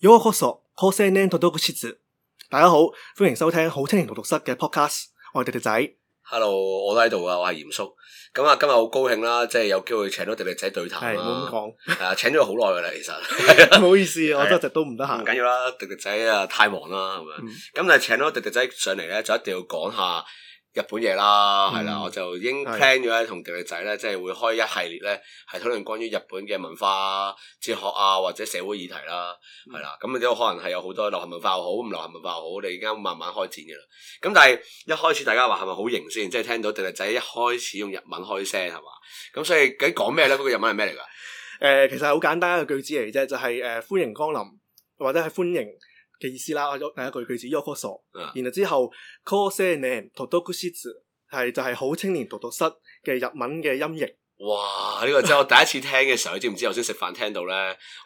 有個課熟，課聲呢讀到個設置。大家好，歡迎收聽好青年荼毒室嘅 podcast。我係迪迪仔。Hello，我都喺度啊。我係鹽叔。咁啊，今日好高興啦，即係有機會請到迪迪仔對談啊。唔好咁講。係啊，請咗好耐噶啦，其實。唔 好意思， 的我一直都唔得閒。唔緊要啦，迪迪仔啊，太忙啦，咁樣。咁就、嗯、請到迪迪仔上嚟咧，就一定要講下。日本嘢啦，係、嗯、啦，我就已經 plan 咗同廸廸仔咧，即係會開一系列咧，係討論關於日本嘅文化、哲學啊，或者社會議題啦，係、嗯、啦。咁啊，都可能係有好多流行文化好，唔流行文化好，我哋而家慢慢開展嘅啦。咁但係一開始大家話係咪好型先？即係聽到廸廸仔一開始用日文開聲係嘛？咁所以究竟講咩咧？嗰個日文係咩嚟㗎？誒、呃，其實好簡單一個句子嚟啫，就係、是、誒、呃、歡迎光臨，或者係歡迎嘅意思啦，第一句句子叫ようこそ，然後之後科舍念讀讀室係就係好青年讀讀室嘅日文嘅音譯。哇，呢個真係我第一次聽嘅時候，你知唔知頭先食飯聽到咧，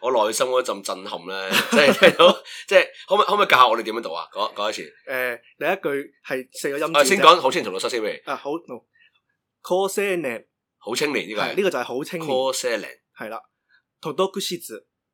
我內心嗰陣震撼咧，即係聽到即係可唔可可唔可以教下我哋點樣讀啊？講講一次。誒，第一句係四個音。先講好青年讀讀室先。啊好，科舍念好青年，呢個呢個就係好青年。科舍念係啦，讀讀室。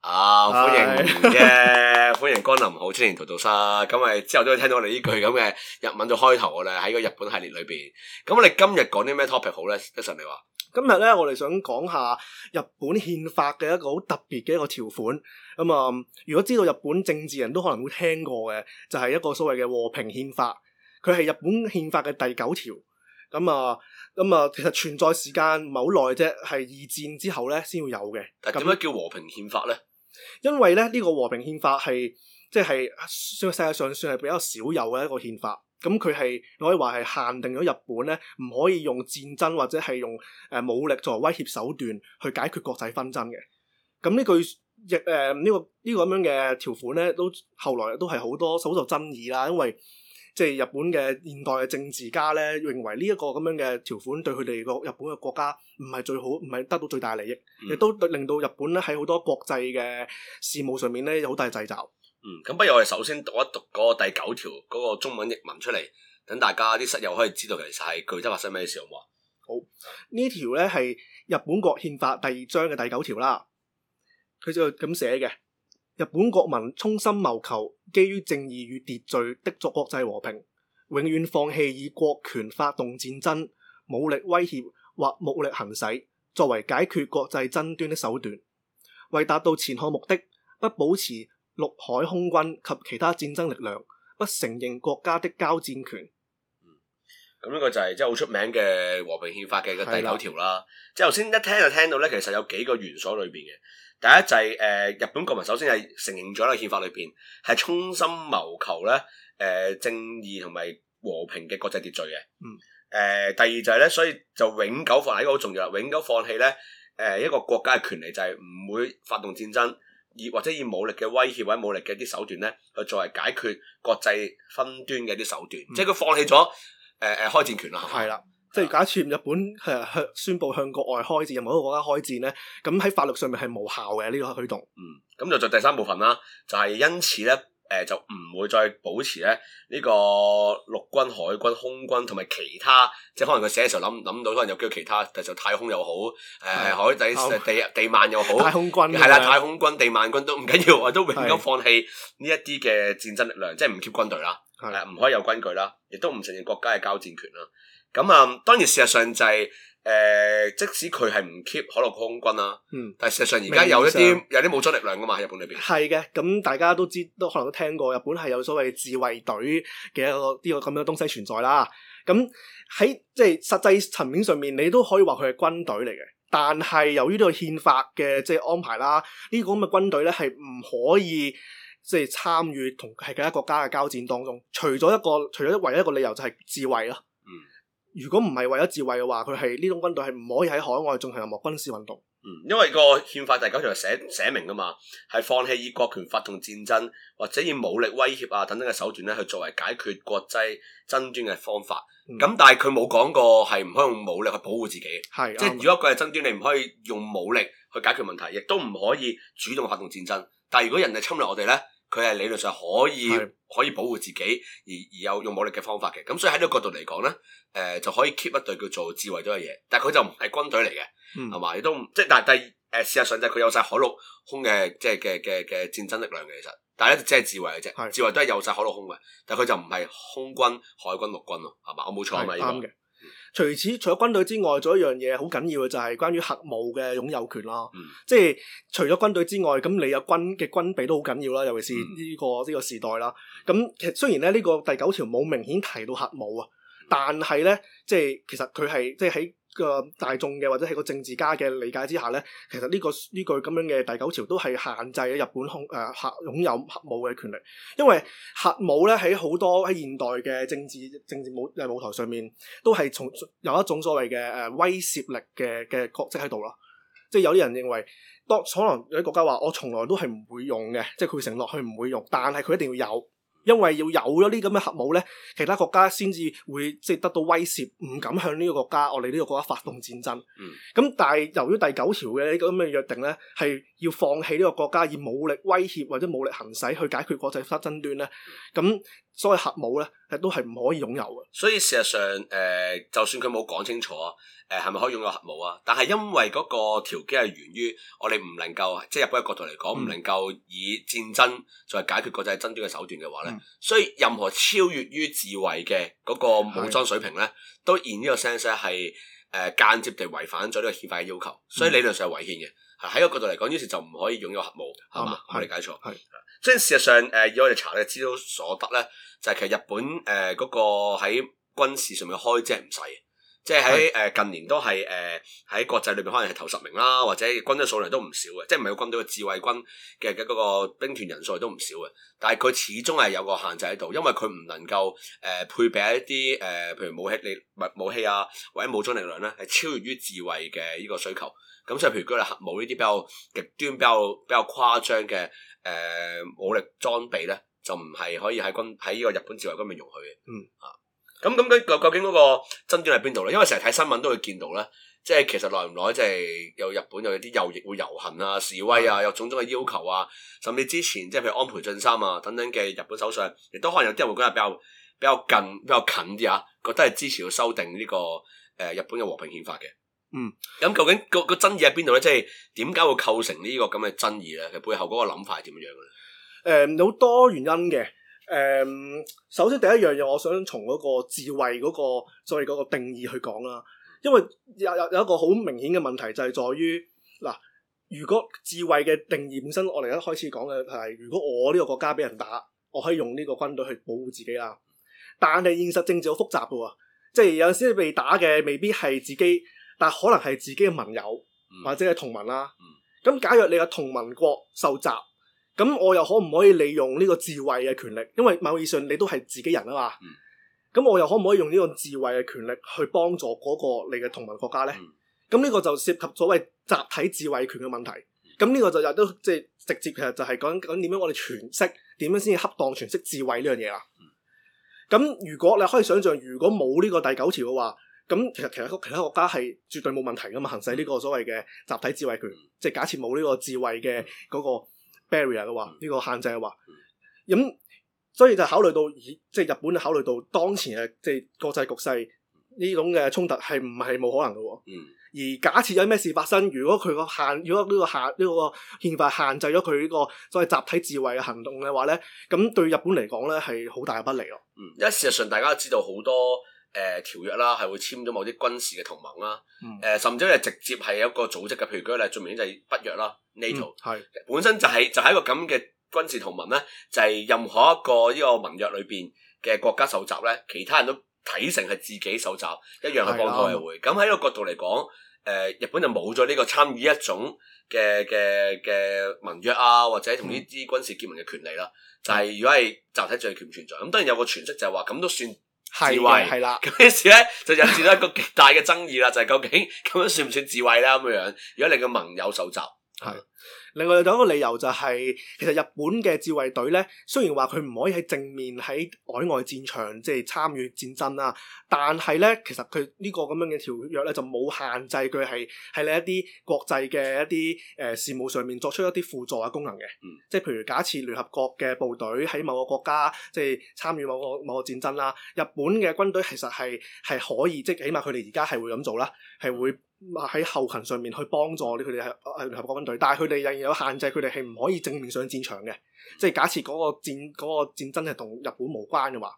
啊！歡迎嘅， 歡迎光臨好青年荼毒室。咁咪之後都會聽到我哋呢句咁嘅日文做開頭嘅啦。喺個日本系列裏邊，咁我哋今日講啲咩 topic 好咧？鹽叔你話今日咧，我哋想講下日本憲法嘅一個好特別嘅一個條款。咁、嗯、啊，如果知道日本政治人都可能會聽過嘅，就係、是、一個所謂嘅和平憲法。佢係日本憲法嘅第九條。咁、嗯、啊，咁、嗯、啊，其實存在時間唔係好耐啫，係二戰之後咧先要有嘅。咁、嗯、點解叫和平憲法咧？因為咧呢個和平憲法係即係算世界上算係比較少有嘅一個憲法，咁佢係可以話係限定咗日本咧唔可以用戰爭或者係用誒武力作為威脅手段去解決國際紛爭嘅。咁、嗯、呢句亦誒呢個呢個咁樣嘅條款咧都後來都係好多好受爭議啦，因為。即係日本嘅現代嘅政治家咧，認為呢一個咁樣嘅條款對佢哋個日本嘅國家唔係最好，唔係得到最大利益，亦、嗯、都令到日本咧喺好多國際嘅事務上面咧有好大掣肘。嗯，咁不如我哋首先讀一讀嗰個第九條嗰、嗰個中文譯文出嚟，等大家啲室友可以知道其實係具體發生咩事好唔好啊？好，好，好條呢條咧係日本國憲法第二章嘅第九條啦。佢就咁寫嘅。日本國民衷心謀求基於正義與秩序締造國際和平，永遠放棄以國權發動戰爭、武力威脅或武力行使作為解決國際爭端的手段。為達到前項目的，不保持陸海空軍及其他戰爭力量，不承認國家的交戰權。咁呢個就係即係好出名嘅和平憲法嘅個第九條啦。即係頭先一聽就聽到咧，其實有幾個元素裏邊嘅。第一就係、是、誒、呃、日本國民首先係承認咗呢個憲法裏邊係衷心謀求咧誒、呃、正義同埋和平嘅國際秩序嘅。嗯。誒、呃，第二就係咧，所以就永久放喺一、這個好重要，永久放棄咧誒、呃、一個國家嘅權利，就係唔會發動戰爭，以或者以武力嘅威脅或者武力嘅啲手段咧，去作為解決國際紛端嘅啲手段，嗯、即係佢放棄咗。誒誒，開戰權啦，係啦，即係假設日本誒向宣布向國外開戰，任何一個國家開戰咧，咁喺法律上面係無效嘅呢個舉動。嗯，咁就做第三部分啦，就係因此咧，誒就唔會再保持咧呢個陸軍、海軍、空軍同埋其他，即係可能佢寫嘅時候諗諗到，可能有叫其他，就太空又好，誒海底、地地幔又好，太空軍係啦，太空軍、地幔軍都唔緊要，都永久放棄呢一啲嘅戰爭力量，即係唔缺軍隊啦。係啦，唔是可以有軍隊啦，亦都唔承認國家嘅交戰權啦。咁啊，當然事實上就係誒，即使佢係唔 keep 海陸空軍啦，嗯，但係事實上而家有一啲有啲武裝力量噶嘛，喺日本裏邊。係嘅，咁大家都知，都可能都聽過，日本係有所謂自衛隊嘅一個呢個咁樣嘅東西存在啦。咁喺即係實際層面上面，你都可以話佢係軍隊嚟嘅，但係由於呢個憲法嘅即係安排啦，呢個咁嘅軍隊咧係唔可以。即係參與同其他國家嘅交戰當中，除咗一個，除咗唯一一個理由就係自衛啦。嗯。如果唔係為咗自衛嘅話，佢係呢種軍隊係唔可以喺海外進行任何軍事運動。嗯，因為個憲法第九條寫寫明㗎嘛，係放棄以國權發動戰爭或者以武力威脅啊等等嘅手段咧，去作為解決國際爭端嘅方法。咁但係佢冇講過係唔可以用武力去保護自己。係。即係如果佢係爭端，你唔可以用武力去解決問題，亦都唔可以主動發動戰爭。但係如果人哋侵略我哋咧？佢係理論上可以是的 可以保護自己而，而而有用武力嘅方法嘅，咁所以喺呢個角度嚟講咧，誒、呃、就可以 keep 一隊叫做智慧咗嘅嘢，但係佢就唔係軍隊嚟嘅。係嘛、嗯？亦都唔，即係但係但係誒事實上就係佢有晒海陸空嘅即係嘅嘅嘅戰爭力量嘅，其實，但係咧即係智慧嘅啫，是的 智慧都係有晒海陸空嘅，但係佢就唔係空軍、海軍、陸軍咯，係嘛？我冇錯係咪？的嗎除此除咗軍隊之外，仲有一樣嘢好緊要嘅就係、是、關於核武嘅擁有權啦。嗯、即係除咗軍隊之外，咁你有軍嘅軍備都好緊要啦。尤其是呢、呢個呢、呢個時代啦。咁其實雖然咧呢、呢個第九條冇明顯提到核武啊，但係咧即係其實佢係即係喺個大眾嘅或者係個政治家嘅理解之下咧，其實呢、呢個呢句咁樣嘅第九條都係限制咗日本控誒核擁有核武嘅權力，因為核武咧喺好多喺現代嘅政治政治舞誒舞台上面，都係從有一種所謂嘅誒威懾力嘅嘅角色喺度咯，即係有啲人認為，當可能有啲國家話我從來都係唔會用嘅，即係佢承諾佢唔會用，但係佢一定要有。因為要有咗呢啲咁嘅核武咧，其他國家先至會即係得到威懾，唔敢向呢個國家，我哋呢個國家發動戰爭。咁、嗯、但係由於第九條嘅呢個咁嘅約定咧，係。要放棄呢個國家以武力威脅或者武力行使去解決國際爭端咧，咁所謂核武咧，係都係唔可以擁有嘅。所以事實上，誒、呃，就算佢冇講清楚，誒、呃，係咪可以擁有核武啊？但係因為嗰個條件係源於我哋唔能夠，即係日本嘅角度嚟講，唔、嗯、能夠以戰爭作為解決國際爭端嘅手段嘅話咧，嗯、所以任何超越於自衞嘅嗰個武裝水平咧，嗯、都 in 呢、呃、個 sense 係誒間接地違反咗呢個憲法嘅要求，所以理論上係違憲嘅。喺個角度嚟講，於是就唔可以擁有核武，係嘛吧？我理解錯，係，即係事實上，誒、呃，以我哋查嘅資料所得咧，就係、是、其實日本誒嗰、呃那個喺軍事上面嘅開支係唔細嘅，即係喺誒近年都係誒喺國際裏邊可能係頭十名啦，或者軍隊數量都唔少嘅，即係唔係個軍隊嘅自衛軍嘅嘅嗰個兵團人數都唔少嘅，但係佢始終係有個限制喺度，因為佢唔能夠誒、呃、配備一啲誒、呃，譬如武器你武器啊，或者武裝力量咧，係超越於自衛嘅呢個需求。咁所以，譬如佢哋核武呢啲比較極端、比較比較誇張嘅誒、呃、武力裝備咧，就唔係可以喺軍喺呢個日本自衛軍容許嘅。嗯。啊，咁咁咁，究竟嗰個爭端喺邊度咧？因為成日睇新聞都會見到咧，即係其實耐唔耐，即係有日本有啲右翼會遊行啊、示威啊，有種種嘅要求啊。甚至之前即係譬如安倍晉三啊等等嘅日本首相，亦都可能有啲人會覺得比較比較近比較近啲啊，覺得係支持要修訂呢、這個誒、呃、日本嘅和平憲法嘅。嗯，咁究竟個、那個爭議喺邊度咧？即係點解會構成呢、這個咁嘅、那個、爭議咧？佢背後嗰個諗法係點樣嘅咧？誒、嗯，好多原因嘅。誒、嗯，首先第一樣嘢，我想從嗰個自衛嗰、那個所謂嗰個定義去講啦。因為有有有一個好明顯嘅問題就係在於，嗱，如果自衛嘅定義本身，我哋一開始講嘅係，如果我呢個國家俾人打，我可以用呢個軍隊去保護自己啦。但係現實政治好複雜嘅喎，即係有時被打嘅未必係自己。但可能係自己嘅盟友，或者係同盟啦。咁、嗯嗯、假若你嘅同盟國受襲，咁我又可唔可以利用呢個智慧嘅權力？因為某意義上你都係自己人啊嘛。咁、嗯、我又可唔可以用呢個智慧嘅權力去幫助嗰個你嘅同盟國家呢？咁呢、嗯嗯、個就涉及所謂集體智慧權嘅問題。咁呢個就亦都即係直接，其實就係講講點樣我哋詮釋，點樣先至恰當詮釋智慧呢樣嘢啦。咁如果你可以想象，如果冇呢個第九條嘅話。咁其實其他國其他國家係絕對冇問題噶嘛，行使呢個所謂嘅集體自衞權，嗯、即係假設冇呢個自衞嘅嗰個 barrier 嘅話，呢、嗯、個限制嘅話，咁、嗯、所以就考慮到而即係日本考慮到當前嘅即係國際局勢呢種嘅衝突係唔係冇可能嘅喎？嗯、而假設有咩事發生，如果佢個限，如果呢個限呢、呢個憲法限制咗佢呢個所謂集體自衞嘅行動嘅話咧，咁對日本嚟講咧係好大嘅不利咯。嗯，因事實上大家都知道好多。誒、呃、條約啦，係會簽咗某啲軍事嘅同盟啦，誒、嗯呃、甚至係直接係一個組織嘅，譬如講，例如最明顯就係北約啦，NATO 係、嗯、本身就係、是、就喺、是、一個咁嘅軍事同盟咧，就係、是、任何一個呢個盟約裏邊嘅國家受襲咧，其他人都睇成係自己受襲一樣係幫佢哋會。咁喺呢個角度嚟講，誒、呃、日本就冇咗呢個參與一種嘅嘅嘅盟約啊，或者同呢啲軍事結盟嘅權利啦。嗯、就係如果係集體罪權唔存在，咁當然有個詮釋就係話咁都算。自衛係啦，咁於是咧， 就引致咗一個極大嘅爭議啦， 就係究竟咁樣算唔算自衛咧？咁樣樣，如果你嘅盟友受襲，係。另外有一個理由就係、是，其實日本嘅自衛隊咧，雖然話佢唔可以喺正面喺海外，外戰場即係參與戰爭啦、啊，但係咧其實佢呢個咁樣嘅條約咧就冇限制佢係喺你一啲國際嘅一啲誒事務上面作出一啲輔助嘅功能嘅，即係、嗯、譬如假設聯合國嘅部隊喺某個國家即係參與某個某個戰爭啦、啊，日本嘅軍隊其實係係可以即係起碼佢哋而家係會咁做啦，係會。喺後勤上面去幫助啲佢哋係係聯合國軍隊，但係佢哋仍然有限制，佢哋係唔可以正面上戰場嘅。即係假設嗰個戰嗰個戰爭係同日本無關嘅話，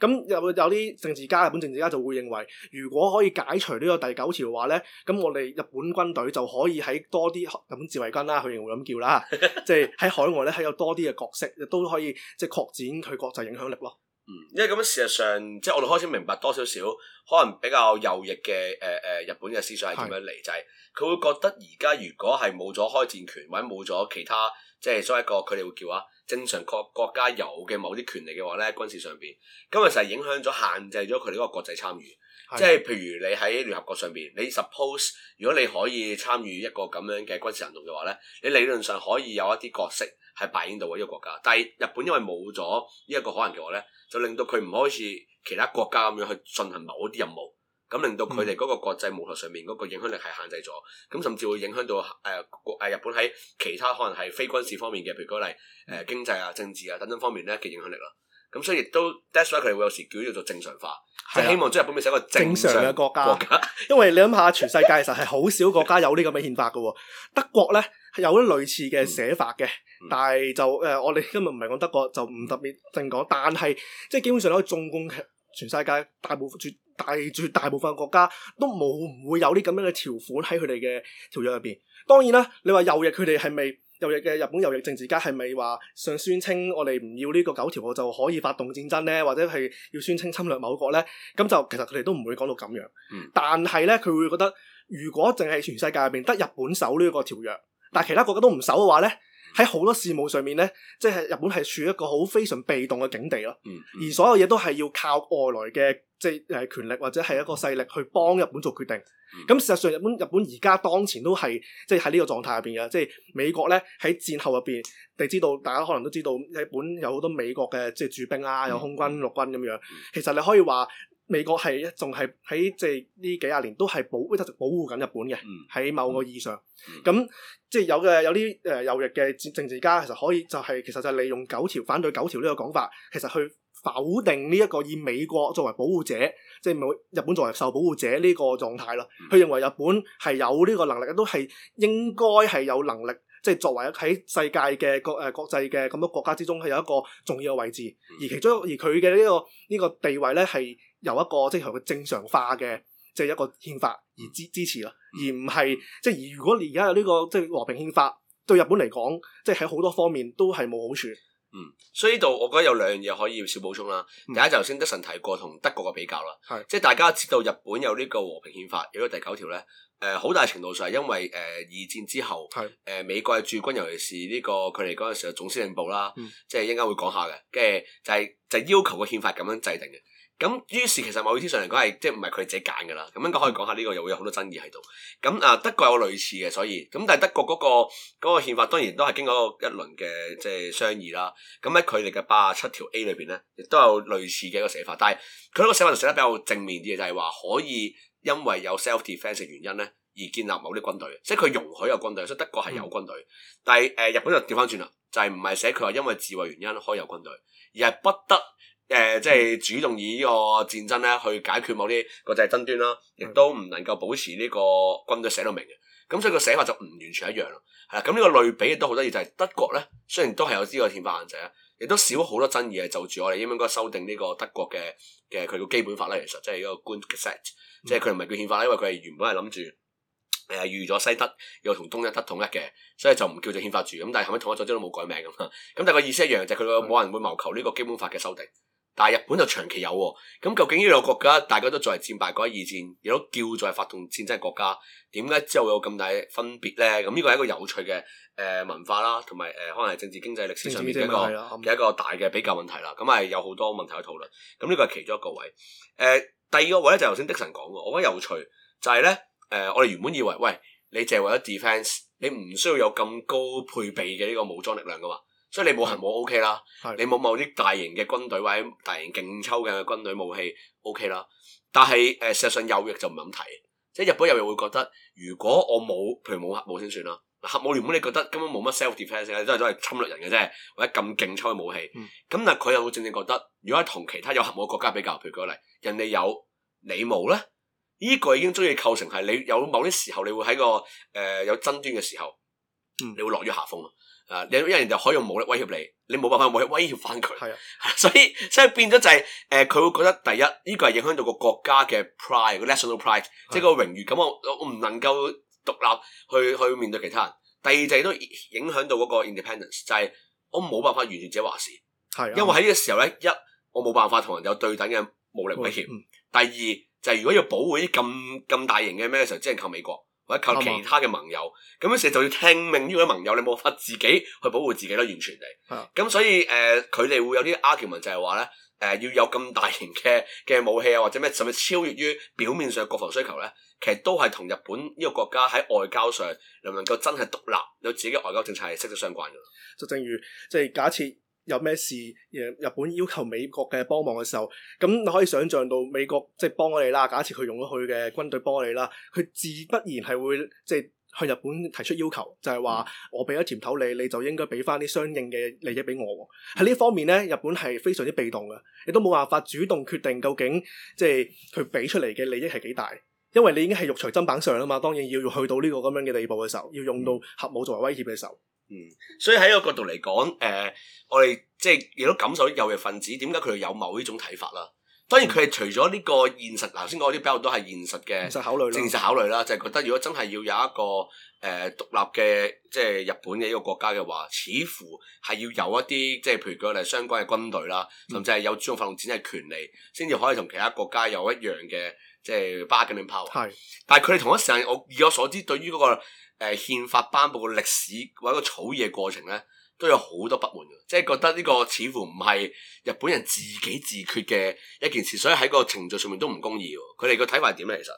咁有有啲政治家、日本政治家就會認為，如果可以解除呢個第九條嘅話咧，咁我哋日本軍隊就可以喺多啲日本自衞軍啦，佢哋會咁叫啦，即係喺海外咧係有多啲嘅角色，亦都可以即係擴展佢國際影響力咯。嗯、因為咁樣事實上，即係我哋開始明白多少少，可能比較右翼嘅誒誒日本嘅思想係點樣嚟，是的 就係佢會覺得而家如果係冇咗開戰權或者冇咗其他，即係所謂一個佢哋會叫啊正常國國家有嘅某啲權利嘅話咧，軍事上邊，咁其實係影響咗限制咗佢哋嗰個國際參與。即係是的 譬如你喺聯合國上邊，你 suppose 如果你可以參與一個咁樣嘅軍事行動嘅話咧，你理論上可以有一啲角色喺扮演到呢一個國家，但係日本因為冇咗呢一個可能嘅話咧。就令到佢唔可以似其他國家咁樣去進行某啲任務，咁令到佢哋嗰個國際舞台上面嗰個影響力係限制咗，咁甚至會影響到誒誒、呃、日本喺其他可能係非軍事方面嘅，譬如舉例誒經濟啊、政治啊等等方面咧嘅影響力咯。咁所以亦都，that's why 佢哋會有時叫叫做正常化，即係的希望將日本變成一個正常嘅國家。國家 因為你諗下，全世界其實係好少國家有呢咁嘅憲法嘅喎、哦。德國咧係有啲類似嘅寫法嘅，嗯、但係就誒、呃，我哋今日唔係講德國，就唔特別正講。但係即係基本上可以縱觀全世界大，大部絕大絕大，大部分國家都冇唔會有呢咁樣嘅條款喺佢哋嘅條約入邊。當然啦，你話右翼佢哋係咪……右翼嘅日本右翼政治家係咪話想宣稱我哋唔要呢個九條，我就可以發動戰爭呢？或者係要宣稱侵略某國呢？咁就其實佢哋都唔會講到咁樣。嗯、但係呢，佢會覺得如果淨係全世界入面得日本守呢個條約，但係其他國家都唔守嘅話呢，喺好多事務上面呢，即、就、係、是、日本係處於一個好非常被動嘅境地咯。嗯嗯，而所有嘢都係要靠外來嘅即係誒權力或者係一個勢力去幫日本做決定。咁事、嗯、實上日本日本而家當前都係即係喺呢個狀態入邊嘅，即係美國咧喺戰後入邊，你知道大家可能都知道日本有好多美國嘅即係駐兵啦，有空軍陸軍咁樣。其實你可以話美國係仲係喺即係呢幾廿年都係保一直保護緊日本嘅，喺、嗯、某個意義上。咁、嗯嗯、即係有嘅有啲誒、呃、右翼嘅政治家其實可以就係、是、其實就係利用九條反對九條呢個講法，其實去。否定呢一個以美國作為保護者，即係日本作為受保護者呢個狀態啦。佢認為日本係有呢個能力，都係應該係有能力，即係作為喺世界嘅、呃、國誒國際嘅咁多國家之中，係有一個重要嘅位置。而其中，而佢嘅呢個呢個地位咧，係由一個即係佢正常化嘅，即係一個憲法而支支持咯，而唔係即係如果你而家有呢個即係和平憲法，對日本嚟講，即係喺好多方面都係冇好處。嗯，所以呢度我覺得有兩樣嘢可以要少補充啦。嗯、第一就頭先德神提過同德國嘅比較啦，是的 即係大家知道日本有呢個和平憲法，有咗第九條咧。誒好、呃、大程度上係因為誒、呃、二戰之後，係誒是、呃、美國嘅駐軍，尤其是呢、這個佢哋嗰陣時嘅總司令部啦，嗯、即係一陣間會講下嘅，跟住就係、是、就是、要求個憲法咁樣制定嘅。咁於是其實某啲上嚟講係即係唔係佢哋自己揀㗎啦。咁應該可以講下呢、這個又會有好多爭議喺度。咁啊德國有類似嘅，所以咁但係德國嗰、那個嗰、那個、憲法當然都係經過一輪嘅即係商議啦。咁喺佢哋嘅八十七條 A 裏邊咧，亦都有類似嘅一個寫法，但係佢嗰個寫法就寫得比較正面啲嘅，就係、是、話可以。因為有 self defense 嘅原因咧，而建立某啲軍隊，即係佢容許有軍隊，所以德國係有軍隊，嗯、但係誒、呃、日本就調翻轉啦，就係唔係寫佢話因為自衛原因可以有軍隊，而係不得誒即係主動以呢個戰爭咧去解決某啲國際爭端啦、啊，亦都唔能夠保持呢個軍隊寫到明嘅，咁、嗯嗯、所以個寫法就唔完全一樣咯，係啦，咁呢個類比亦都好得意，就係、是、德國咧，雖然都係有呢個憲法限制啊。亦都少好多爭議，係就住我哋應該唔應該修訂呢個德國嘅嘅佢個基本法咧，其實即係一個官 set、嗯、即係佢唔係叫憲法啦，因為佢係原本係諗住誒預咗西德又同東德統一嘅，所以就唔叫做憲法住，咁但係後屘統一咗之後都冇改名咁啊，咁 但係個意思一樣，就係佢冇人會謀求呢個基本法嘅修訂。但係日本就長期有喎、哦、咁、嗯、究竟呢個國家大家都作為戰敗國嗰個二戰，亦都叫做係發動戰爭嘅國家，點解之後有咁大嘅分別咧？咁、嗯、呢、這個係一個有趣嘅誒、呃、文化啦，同埋誒可能係政治經濟歷史上面一個嘅一個大嘅比較問題啦。咁、嗯、係有好多問題去討論。咁、嗯、呢、這個係其中一個位。誒、呃，第二個位咧就頭先迪神講嘅，我覺得有趣就係咧，誒、呃，我哋原本以為喂，你淨係為咗 defense，你唔需要有咁高配備嘅呢個武裝力量噶嘛。所以你冇核武 O、OK、K 啦，的你冇某啲大型嘅軍隊或者大型勁抽嘅軍隊武器 O、OK、K 啦，但係誒，事、呃、實上右翼就唔咁提，即係日本右翼會覺得，如果我冇，譬如冇核武先算啦，核武連本你覺得根本冇乜 self d e f e n s e 咧，defense，都係都係侵略人嘅啫，或者咁勁抽嘅武器，咁嗱佢又會正正覺得，如果同其他有核武嘅國家比較，譬如舉例，人哋有，你冇咧，呢、這個已經足以構成係你有某啲時、呃、時候，你會喺個誒有爭端嘅時候，你會落於下風啊。啊！另一人就可以用武力威脅你，你冇辦法威威脅翻佢。係啊的， 所以所以變咗就係、是、誒，佢、呃、會覺得第一呢個係影響到個國家嘅 pride，個 national pride，即係的個榮譽感我我唔能夠獨立去去面對其他人。第二就係都影響到嗰個 independence，就係我冇辦法完全自己話事。係的，因為喺呢個時候咧，一我冇辦法同人有對等嘅武力威脅。的嗯、第二就係、是、如果要保護啲咁咁大型嘅咩時候，只能靠美國。或者靠其他嘅盟友，咁吧樣時就要聽命於呢位盟友，你冇法自己去保護自己啦，完全嚟。咁的所以誒，佢、呃、哋會有啲 argument 就係話咧，誒、呃、要有咁大型嘅嘅武器啊，或者咩，甚至超越於表面上國防需求咧，其實都係同日本呢個國家喺外交上能唔能夠真係獨立有自己嘅外交政策係息息相關嘅。就正如即係、就是、假設。有咩事？日本要求美國嘅幫忙嘅時候，咁你可以想像到美國即係幫我哋啦。假設佢用咗佢嘅軍隊幫你哋啦，佢自不然係會即係向日本提出要求，就係、是、話、嗯、我俾咗甜頭你，你就應該俾翻啲相應嘅利益俾我喎。喺呢方面呢，日本係非常之被動嘅，你都冇辦法主動決定究竟即係佢俾出嚟嘅利益係幾大，因為你已經係肉隨砧板上啦嘛。當然要去到呢個咁樣嘅地步嘅時候，要用到核武作為威脅嘅時候。嗯嗯嗯，所以喺呢個角度嚟講，誒、呃，我哋即係亦都感受啲右翼分子點解佢有某種呢種睇法啦。當然佢哋除咗呢個現實，頭先講啲比較多係現實嘅，現實考慮咯，政治考慮啦，就係、是、覺得如果真係要有一個誒、呃、獨立嘅即係日本嘅一個國家嘅話，似乎係要有一啲即係譬如佢哋相關嘅軍隊啦，嗯、甚至係有主動發展嘅權利，先至可以同其他國家有一樣嘅即係 balance power 但係佢哋同一時間，我以我所知對於嗰、那個。誒、呃、憲法頒布嘅歷史或者個草擬嘅過程咧，都有好多不滿嘅，即係覺得呢個似乎唔係日本人自己自決嘅一件事，所以喺個程序上面都唔公義喎。佢哋、嗯就是、個睇法係點咧？其實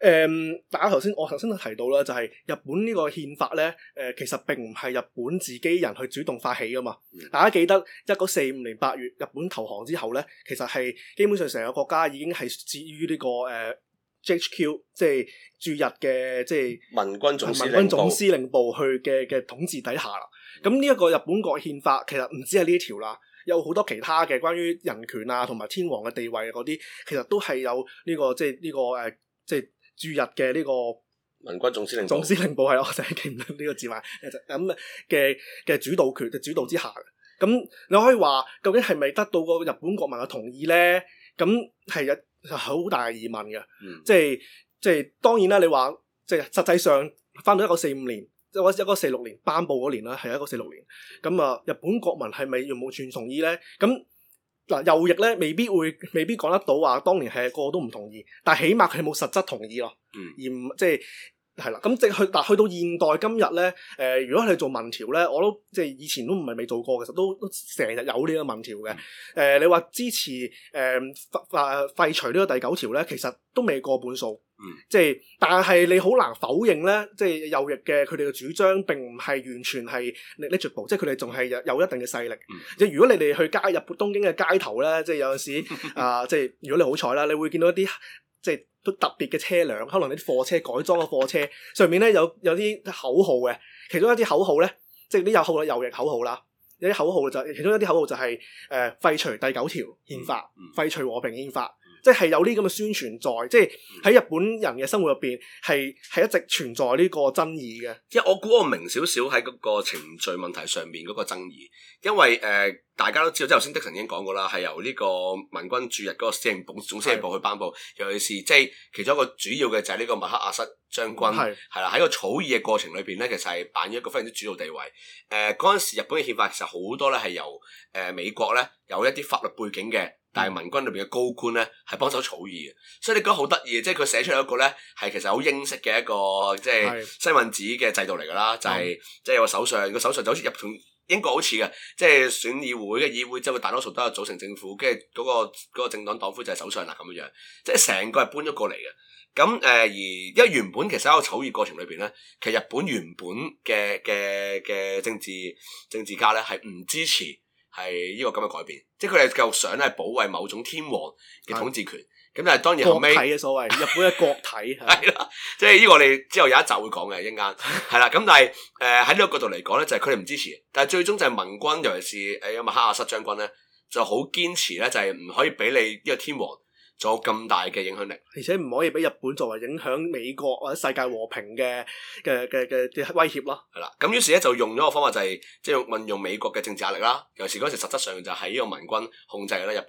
誒，大家頭先我頭先都提到啦，就係日本呢個憲法咧，誒其實並唔係日本自己人去主動發起㗎嘛。嗯、大家記得一九四五年八月日本投降之後咧，其實係基本上成個國家已經係置於呢、這個誒。呃 GHQ 即係駐日嘅即係民軍總民軍總司令部去嘅嘅統治底下啦。咁呢一個日本國憲法其實唔止係呢條啦，有好多其他嘅關於人權啊同埋天皇嘅地位嗰啲，其實都係有呢、這個即係呢、這個誒、呃、即係駐日嘅呢個民軍總司令總司令部係咯，就係記唔得呢個字其嘛。咁嘅嘅主導權嘅主導之下，咁你可以話究竟係咪得到個日本國民嘅同意咧？咁係一。好大疑問嘅、嗯，即係即係當然啦。你話即係實際上返到一九四五年，即係一九四六年頒布嗰年啦，係一九四六年。咁啊、嗯，日本國民係咪完全同意呢？咁嗱，右翼呢未必會，未必講得到話、啊，當年係個個都唔同意。但係起碼佢冇實質同意咯，嗯、而唔即係。係啦，咁即係，但去到現代今日咧，誒、呃，如果係做民調咧，我都即係以前都唔係未做過，其實都都成日有呢個民調嘅。誒、呃，你話支持誒廢、呃、廢除呢個第九條咧，其實都未過半數。嗯。即係，但係你好難否認咧，即係右翼嘅佢哋嘅主張並唔係完全係 n e g l t a b e 即係佢哋仲係有有一定嘅勢力。嗯、即係如果你哋去加入東京嘅街頭咧，即係有陣時啊、呃，即係如果你好彩啦，你會見到一啲。即係都特別嘅車輛，可能啲貨車改裝嘅貨車上面咧，有有啲口號嘅，其中一啲口號咧，即係啲有右翼口號啦，有啲口號就其中一啲口號就係、是、誒、呃、廢除第九條憲法、嗯嗯、廢除和平憲法，嗯、即係有啲咁嘅宣傳在，即係喺日本人嘅生活入邊係係一直存在呢個爭議嘅。即係我估我明少少喺嗰個程序問題上面嗰個爭議，因為誒。呃大家都知道，即係頭先廸神已經講過啦，係由呢個民軍駐日嗰個總司令部去頒布。尤其是即係其中一個主要嘅就係呢個麥克阿瑟將軍係啦，喺是的 個草擬嘅過程裏邊咧，其實係扮演一個非常之主要地位。誒嗰陣時日本嘅憲法其實好多咧係由誒、呃、美國咧有一啲法律背景嘅，但係民軍裏邊嘅高官咧係幫手草擬嘅，所以你覺得好得意，即係佢寫出嚟一個咧係其實好英式嘅一個即係西敏寺嘅制度嚟㗎啦，就係即係個首相個首相就好似日本。英國好似嘅，即係選議會嘅議會，即係大多數都係組成政府，嗰個，跟住嗰個政黨黨魁就係首相啦咁樣樣，即係成個係搬咗過嚟嘅。咁誒而因為原本其實喺個草擬過程裏邊咧，其實日本原本嘅嘅嘅政治政治家咧係唔支持係呢、呢個咁嘅改變，即係佢哋繼續想係保衞某種天皇嘅統治權。咁但係當然後尾，睇體嘅所謂日本嘅國體係啦，即係呢個我哋之後有一集會講嘅，一陣間，係啦，咁但係誒喺呢個角度嚟講咧，就係佢哋唔支持，但係最終就係盟軍尤其是誒、哎、阿黑亞失將軍咧，就好堅持咧，就係、是、唔可以俾你呢個天皇仲有咁大嘅影響力，而且唔可以俾日本作為影響美國或者世界和平嘅嘅嘅嘅嘅威脅咯。係啦，咁於是咧就用咗個方法就係，即係運用美國嘅政治壓力啦。尤其是嗰時實質上就係呢個民軍控制嘅啦，日本。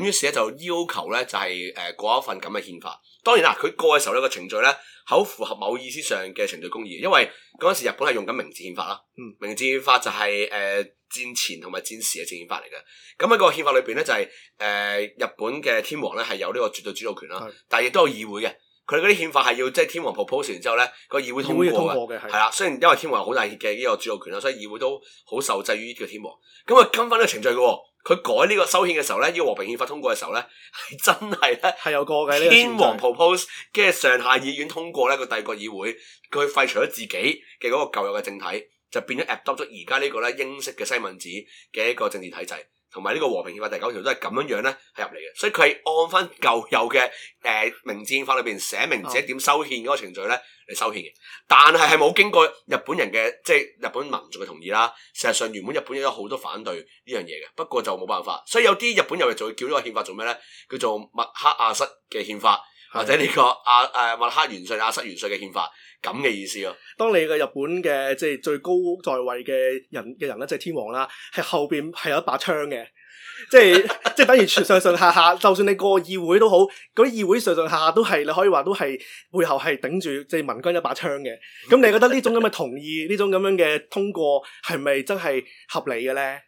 咁的於是咧就要求咧就係誒過一份咁嘅憲法。當然啦，佢過嘅時候呢個程序咧係好符合某意思上嘅程序公義，因為嗰陣時日本係用緊明治憲法啦。明治、嗯、憲法就係、是、誒、呃、戰前同埋戰時嘅政憲法嚟嘅。咁喺個憲法裏邊咧就係、是、誒、呃、日本嘅天皇咧係有呢個絕對主導權啦，的但係亦都有議會嘅。佢哋嗰啲憲法係要即係、就是、天皇 propose 完之後咧個議會通過嘅。係啦，雖然因為天皇好大嘅呢個主導權啦，所以議會都好受制於呢個天皇。咁啊，跟翻呢個程序嘅佢改呢個修憲嘅時候咧，要、這個、和平憲法通過嘅時候咧，係真係咧係有過嘅呢個天皇 propose，跟住上下議院通過咧個帝國議會，佢廢除咗自己嘅嗰個舊有嘅政體，就變咗 adopt 咗而家呢個咧英式嘅西敏制嘅一個政治體制。同埋呢個和平憲法第九條都係咁樣樣咧，係入嚟嘅，所以佢係按翻舊有嘅誒、呃、明治憲法裏邊寫明自己點修憲嗰個程序咧嚟修憲嘅，但係係冇經過日本人嘅即係日本民族嘅同意啦。事實上原本日本有好多反對呢樣嘢嘅，不過就冇辦法，所以有啲日本友人就會叫呢個憲法做咩咧？叫做麥克阿瑟嘅憲法。或者呢個阿誒麥克元帥阿瑟元帥嘅憲法，咁嘅意思咯。當你嘅日本嘅即係最高在位嘅人嘅人咧，即係天皇啦，係後邊係有一把槍嘅，即係即係等於上上下下，就算你過議會都好，嗰啲議會上上下下都係，你可以話都係背後係頂住即係民軍一把槍嘅。咁你覺得呢種咁嘅同意，呢 種咁樣嘅通過，係咪真係合理嘅咧？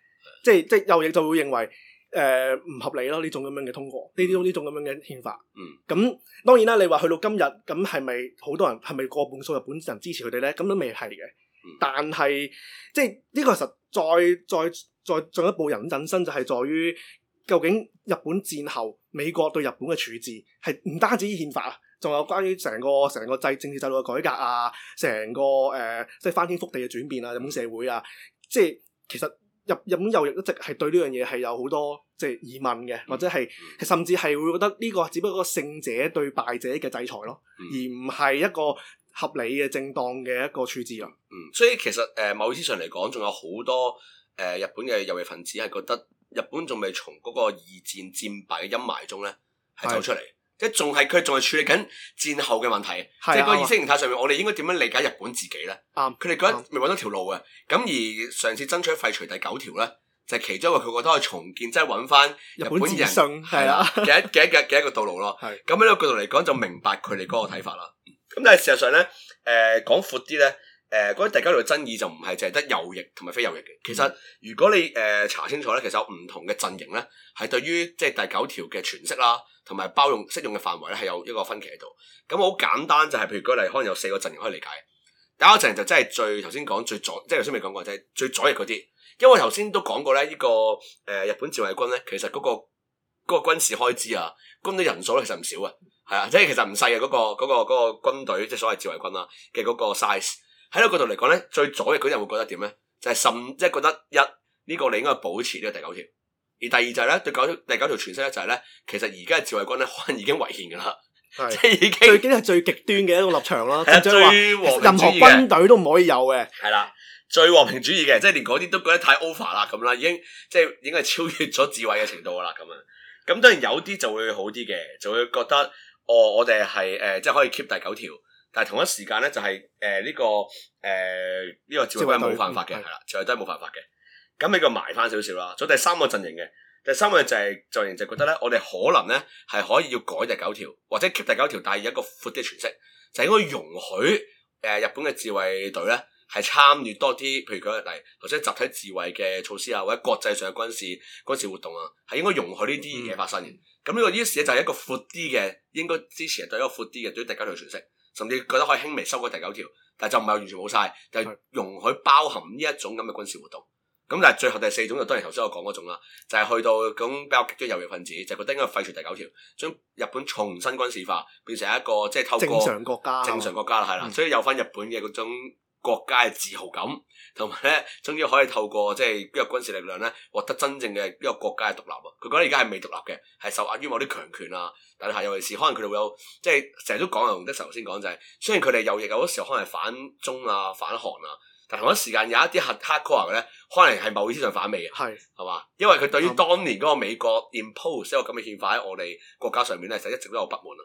即係即係右翼就會認為。誒，唔、呃、合理咯，呢種咁樣嘅通過呢啲呢種咁樣嘅憲法，咁、嗯、當然啦。你話去到今日，咁係咪好多人係咪過半數日本人支持佢哋呢？咁都未係嘅。嗯、但係即係呢個實在，再再進一步引引申，就係在於究竟日本戰後美國對日本嘅處置係唔單止憲法啊，仲有關於成個成個制政治制度嘅改革啊，成個誒、呃、即係翻天覆地嘅轉變啊，日本社會啊，即、就、係、是、其實。日日本右翼一直係對呢樣嘢係有好多即係疑問嘅，或者係、嗯嗯、甚至係會覺得呢個只不過勝者對敗者嘅制裁咯，嗯、而唔係一個合理嘅、正當嘅一個處置咯。嗯，所以其實誒、呃、某意思上嚟講，仲有好多誒、呃、日本嘅右翼分子係覺得日本仲未從嗰個二戰戰敗嘅陰霾中咧係走出嚟。即仲係佢仲係處理緊戰後嘅問題，即係的個意識形態上面，對我哋應該點樣理解日本自己咧？啱對，佢哋覺得未搵到條路嘅。咁對而上次爭取廢除第九條咧，就係、是、其中一個佢覺得可以重建，即係搵翻日本人生係啦，嘅一嘅嘅一個道路咯。係咁喺呢個角度嚟講，就明白佢哋嗰個睇法啦。咁但係事實上咧，誒講闊啲咧，誒、呃、關於第九條嘅爭議就唔係淨係得右翼同埋非右翼嘅。其實如果你誒查清楚咧，其實有唔同嘅陣營咧，係對於即係第九條嘅詮釋啦。同埋包容適用嘅範圍咧，係有一個分歧喺度。咁好簡單就係、是，譬如舉例，可能有四個陣型可以理解。第一個陣型就真係最頭先講最左，即係頭先未講過，即係最左翼嗰啲。因為我頭先都講過咧，呢、這個誒、呃、日本自衛軍咧，其實嗰、那個嗰軍事開支啊，軍隊人數咧，其實唔少啊，係啊，即係其實唔細嘅嗰個嗰、那個嗰、那個、軍隊，即係所謂自衛軍啦嘅嗰個 size。喺呢個角度嚟講咧，最左翼嗰啲人會覺得點咧？就係、是、甚即係覺得一呢、這個，你應該保持呢個第九條。而第二就係、是、咧，對九條第九條詮釋咧，就係、是、咧，其實而家嘅自衛軍咧，可能已經違憲噶啦，即係的 已經係最、最極端嘅一個立場咯。即係的任何軍隊都唔可以有嘅。係啦，最和平主義嘅，即係連嗰啲都覺得太 over 啦咁啦，已經即係已經係超越咗自衛嘅程度噶啦咁啊。咁當然有啲就會好啲嘅，就會覺得哦，我哋係誒，即、呃、係、就是、可以 keep 第九條，但係同一時間咧就係誒呢個誒呢、呃這個自衛軍冇犯法嘅，係啦，自衛都係冇犯法嘅。咁呢個埋翻少少啦，做第三個陣營嘅第三個就係陣營就覺得咧，我哋可能咧係可以要改第九條，或者 keep 第九條，但係一個闊啲嘅詮釋就應該容許誒、呃、日本嘅自衛隊咧係參與多啲，譬如佢個或者集體自衛嘅措施啊，或者國際上嘅軍事軍事活動啊，係應該容許呢啲嘢發生嘅。咁呢、嗯、個呢個就係一個闊啲嘅應該支持，對一個闊啲嘅對於第九條嘅詮釋，甚至覺得可以輕微修改第九條，但係就唔係完全冇晒，就係、是、容許包含呢一種咁嘅軍事活動。咁但係最後第四種就當然頭先我講嗰種啦，就係去到咁比較極端右翼分子，就覺得應該廢除第九條，將日本重新軍事化，變成一個即係透過正常國家，正常國家啦，係啦，所以有翻日本嘅嗰種國家嘅自豪感，同埋咧，終於可以透過即係呢個軍事力量咧，獲得真正嘅呢個國家嘅獨立啊！佢覺得而家係未獨立嘅，係受壓於某啲強權啊。但係尤其是可能佢哋會有即係成日都講啊，同啲頭先講就係，雖然佢哋右翼有啲時候可能係反中啊、反韓啊。但同一時間有一啲 hardcore 咧，可能係某意思上反美，嘅是，係係嘛？因為佢對於當年嗰個美國 impose 一個噉嘅憲法喺我哋國家上面咧，其實一直都有不滿啊。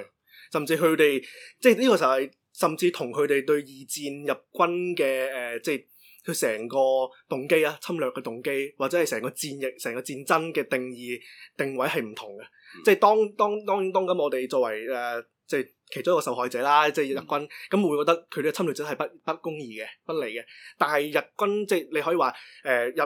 係，甚至佢哋即係呢個就係，甚至同佢哋對二戰入軍嘅誒、呃，即係佢成個動機啊、侵略嘅動機，或者係成個戰役、成個戰爭嘅定義定位係唔同嘅、嗯呃。即係當當當然當噉我哋作為誒，即係。其中一個受害者啦，即係日軍，咁、嗯、會覺得佢哋嘅侵略者係不不公義嘅、不利嘅。但係日軍即係、就是、你可以話，誒、呃、日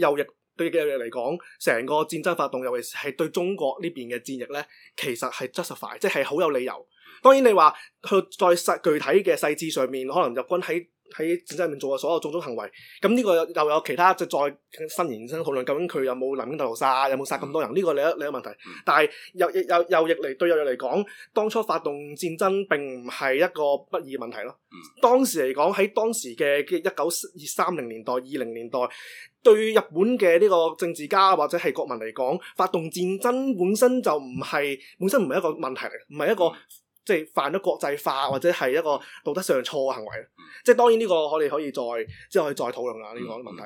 右翼對右翼嚟講，成個戰爭發動，尤其是係對中國呢邊嘅戰役咧，其實係 justified，即係好有理由。當然你話佢再細具體嘅細節上面，可能日軍喺。喺戰爭入面做嘅所有種種行為，咁呢個又有其他即再新言申討論，究竟佢有冇南京大屠殺，有冇殺咁多人？呢個你一你有問題，但係又又又逆嚟對日裔嚟講，當初發動戰爭並唔係一個不義嘅問題咯。當時嚟講，喺當時嘅一九二三零年代二零年代，對日本嘅呢個政治家或者係國民嚟講，發動戰爭本身就唔係，本身唔係一個問題嚟，唔係一個。即係犯咗國際化或者係一個道德上錯嘅行為，即係、嗯、當然呢個我哋可以再之後去再討論啦呢個問題。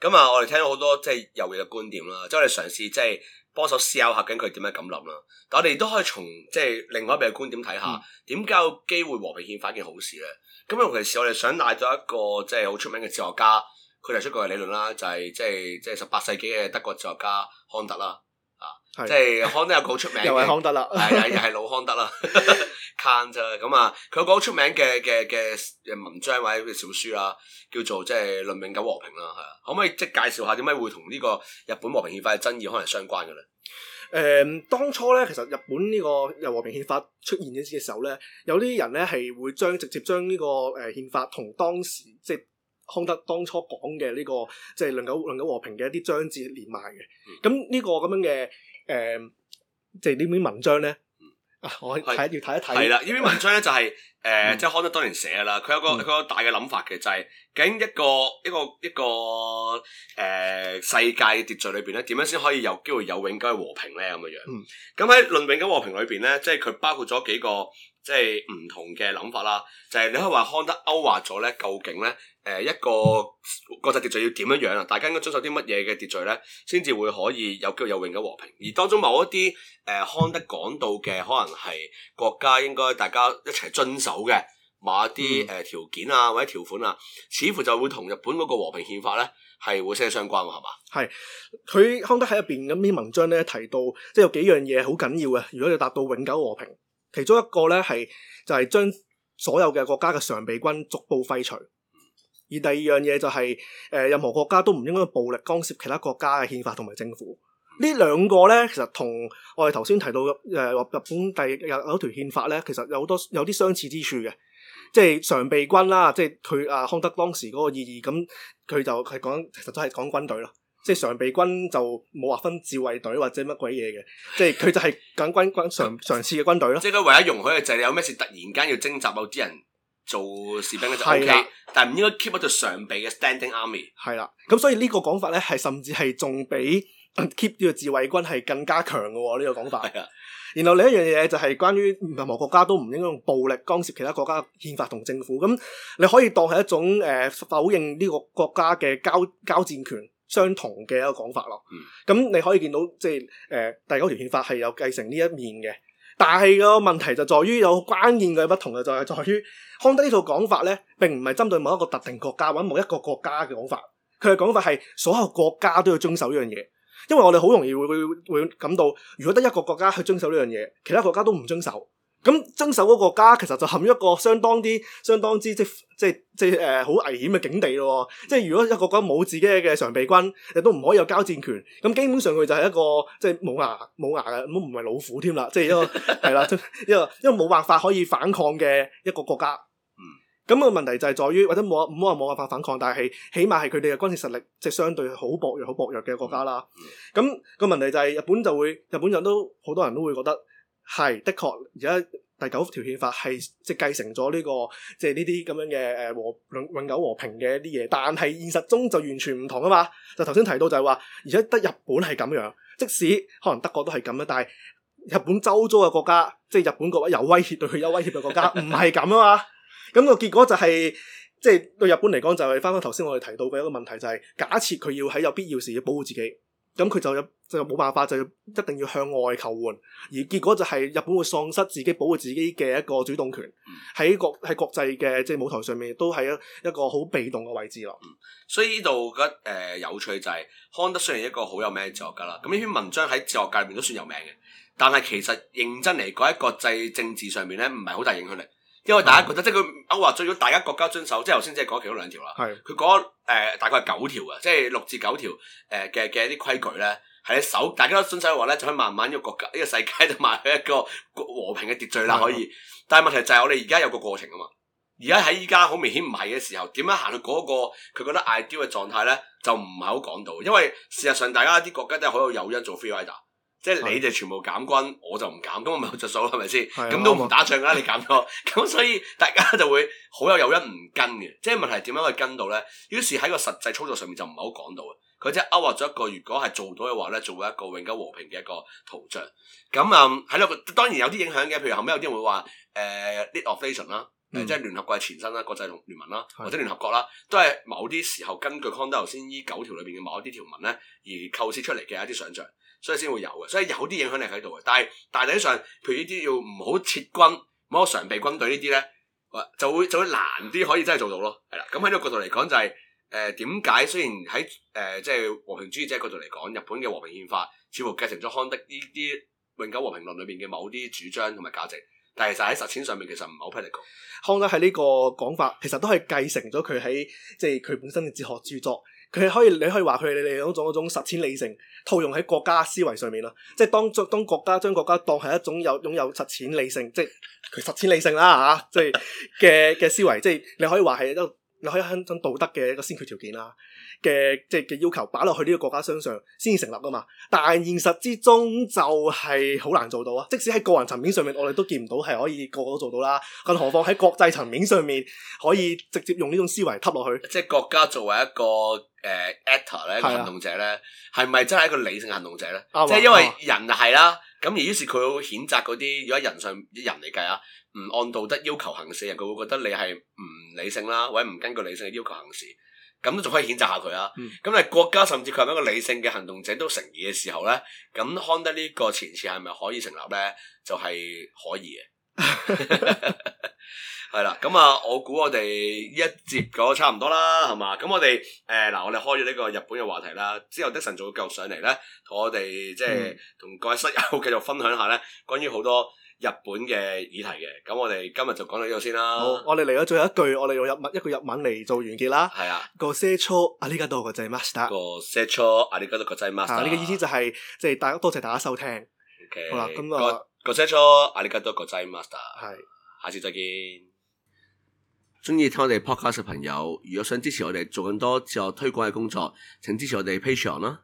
咁啊、嗯，嗯、我哋聽到好多即係右嘅觀點啦，即係我哋嘗試即係幫手思考下，究佢點樣咁諗啦。但我哋都可以從即係另外一邊嘅觀點睇下，點解有機會和平憲法係一件好事咧？咁、哦、尤其是我哋想帶咗一個即係好出名嘅哲學家，佢提出過嘅理論啦，就係、是、即係即係十八世紀嘅德國哲學家康德啦。即係 康德又講出名又係康德啦，係又係老康德啦，can 啫咁啊！佢有講出名嘅嘅嘅嘅文章或者小書啦，叫做即係《論永久和平》啦，係啊！可唔可以即係介紹下點解會同呢個日本和平憲法嘅爭議可能相關嘅咧？誒，當初咧，其實日本呢個又和平憲法出現嘅時候咧，有啲人咧係會將直接將呢、呢個誒、呃、憲法同當時即係。康德當初講嘅呢個，即係論永久論永久和平嘅一啲章節連埋嘅。咁呢個咁樣嘅誒，即係呢篇文章咧，嗯、我睇是要睇一睇。係啦，呢篇文章咧就係、是、誒，呃嗯、即係康德當年寫啦。佢有個佢有個大嘅諗法嘅，就是，就係究竟一個一個一個誒、呃、世界秩序裏邊咧，點樣先可以有機會有永久和平咧？咁嘅樣。咁喺、嗯、論永久和平裏邊咧，即係佢包括咗幾個。即係唔同嘅諗法啦，就係、是、你可以話康德勾畫咗咧，究竟咧誒、呃、一個國際秩序要點樣樣啊？大家應該遵守啲乜嘢嘅秩序咧，先至會可以有機會有永久和平。而當中某一啲誒、呃、康德講到嘅，可能係國家應該大家一齊遵守嘅某一啲誒條件啊，或者條款啊，似乎就會同日本嗰個和平憲法咧係會息息相關嘅，係嘛？係，佢康德喺入邊咁啲文章咧提到，即係有幾樣嘢好緊要嘅，如果要達到永久和平。其中一個呢，係就係將所有嘅國家嘅常備軍逐步廢除，而第二樣嘢就係誒任何國家都唔應該暴力干涉其他國家嘅憲法同埋政府。呢兩個呢，其實同我哋頭先提到誒日本第九嗰條憲法呢，其實有好多有啲相似之處嘅，即係常備軍啦，即係佢啊康德當時嗰個意義，咁佢就係講其實都係講軍隊咯。即係常備軍就冇話分自衛隊或者乜鬼嘢嘅，即係佢就係講緊軍 上上次軍常常設嘅軍隊咯。即係佢唯一容許嘅就係有咩事突然間要徵集某啲人做士兵咧就 O、OK, K，的但唔應該 keep 一對常備嘅 standing army。係啦，咁所以呢個講法咧係甚至係仲比 keep 呢個自衛軍係更加強嘅喎呢個講法。係啊的，然後另一樣嘢就係關於任何國家都唔應該用暴力干涉其他國家憲法同政府。咁你可以當係一種誒、呃、否認呢個國家嘅交交戰權。相同嘅一個講法咯，咁、嗯、你可以見到即係誒第九條憲法係有繼承呢一面嘅，但係個問題就在於有關鍵嘅不同嘅，就係、是、在於康德呢套講法呢並唔係針對某一個特定國家或者某一個國家嘅講法，佢嘅講法係所有國家都要遵守呢樣嘢，因為我哋好容易會會感到如果得一個國家去遵守呢樣嘢，其他國家都唔遵守。咁爭守嗰個國家，其實就陷入一個相當啲、相當之即即即誒好、呃、危險嘅境地咯。即係如果一個國家冇自己嘅常備軍，亦都唔可以有交戰權。咁基本上佢就係一個即係冇牙冇牙嘅，咁唔係老虎添啦。即係一個係啦，一個 因為冇辦法可以反抗嘅一個國家。嗯。咁個問題就係在於，或者冇、冇話冇辦法反抗，但係起碼係佢哋嘅軍事實力即係、就是、相對好薄弱、好薄弱嘅國家啦。咁、那個問題就係日本就會，日本人都好多人都會覺得。係，的確而家第九條憲法係即係繼承咗呢個即係呢啲咁樣嘅誒和永久和平嘅一啲嘢，但係現實中就完全唔同啊嘛！就頭先提到就係話，而家得日本係咁樣，即使可能德國都係咁啦，但係日本周遭嘅國家，即係日本個位有威脅對佢有威脅嘅國家，唔係咁啊嘛！咁個結果就係即係對日本嚟講，就係翻翻頭先我哋提到嘅一個問題，就係假設佢要喺有必要時要保護自己。咁佢就有就冇辦法，就要一定要向外求援，而結果就係日本會喪失自己保護自己嘅一個主動權，喺國喺國際嘅即係舞台上面都係一一個好被動嘅位置咯。嗯。所以呢度覺得誒有趣就係康德雖然一個好有名嘅哲學家啦，咁呢篇文章喺哲學界入面都算有名嘅，但係其實認真嚟講喺國際政治上面咧，唔係好大影響力。因為大家覺得，的即係佢歐話，最好大家國家遵守，即係頭先即係講其中兩條啦。係佢講誒，大概係九條嘅，即係六至九條誒嘅嘅一啲規矩咧，係首大家都遵守嘅話咧，就可以慢慢呢個國家呢、這個世界就邁去一個和平嘅秩序啦。可以，的但係問題就係我哋而家有個過程啊嘛。而家喺依家好明顯唔係嘅時候，點樣行到嗰、那個佢覺得 ideal 嘅狀態咧，就唔係好講到。因為事實上，大家啲國家都係好有誘因做 fake 即係你哋全部減軍，的我就唔減，咁我咪著數咯，係咪先？咁的都唔打仗啦，的你減咗，咁 所以大家就會好有誘因唔跟嘅，即係問題點樣去跟到咧？於是喺個實際操作上面就唔係好講到嘅，佢即係勾畫咗一個，如果係做到嘅話咧，做一個永久和平嘅一個圖像。咁啊，喺度當然有啲影響嘅，譬如後尾有啲人會話誒，League of Nations 啦，即係聯合國嘅前身啦，國際聯盟啦，或者聯合國啦，都係某啲時候根據康德先依九條裏邊嘅某一啲條文咧而構思出嚟嘅一啲想像。所以先會有嘅，所以有啲影響力喺度嘅。但係，大體上，譬如呢啲要唔好撤軍、唔好常備軍隊呢啲咧，就會就會難啲可以真係做到咯。係啦，咁喺呢個角度嚟講，就是呃呃，就係誒點解雖然喺誒即係和平主義者角度嚟講，日本嘅和平憲法似乎繼承咗康德呢啲永久和平論裏邊嘅某啲主張同埋價值，但係其實喺實踐上面其實唔係好 practical。康德喺呢個講法其實都係繼承咗佢喺即係佢本身嘅哲學著作。佢可以，你可以話佢哋係嗰種嗰種，種，種，種實踐理性套用喺國家思維上面啦，即係當將當國家將國家當係一種有擁有實踐理性，即係佢實踐理性啦嚇、啊，即係嘅嘅思維，即係你可以話係都。你可以喺一種道德嘅一個先決條件啦、啊、嘅，即係嘅要求擺落去呢個國家身上先至成立噶嘛。但係現實之中就係好難做到啊！即使喺個人層面上面，我哋都見唔到係可以個個都做到啦。更何況喺國際層面上面，可以直接用呢種思維撻落去。即係國家作為一個誒、呃、actor 咧一個行動者咧，係咪是、啊、真係一個理性行動者咧？是啊、即係因為人係啦，咁而於是佢會譴責嗰啲如果人上人嚟計啊，唔按道德要求行事人，佢會覺得你係唔理性啦，或者唔根據理性嘅要求行事，咁都仲可以譴責下佢啦。咁啊、嗯，國家甚至佢係一個理性嘅行動者都成疑嘅時候咧，咁康德呢個前提係咪可以成立咧，就係、是、可以嘅。係啦， 咁啊、呃，我估我哋一節講差唔多啦，係嘛？咁我哋誒嗱，我哋開咗呢個日本嘅話題啦，之後 Dickson 仲會繼續上嚟咧，同我哋即係同、嗯、各位室友繼續分享下咧，關於好多日本嘅議題嘅，咁我哋今日就講到呢度先啦。好，我哋嚟咗最後一句，我哋用日文一個日文嚟做完結啦。係啊，ご清聴ありがとうございました。ご清聴ありがとうございました。啊，你、這、嘅、個、意思就係即係多謝大家收聽。OK，好啦，咁啊，ご清聴ありがとうございました。係，是下次再見。中意聽我哋 podcast 嘅朋友，如果想支持我哋做更多自我推廣嘅工作，請支持我哋 Patreon 啦。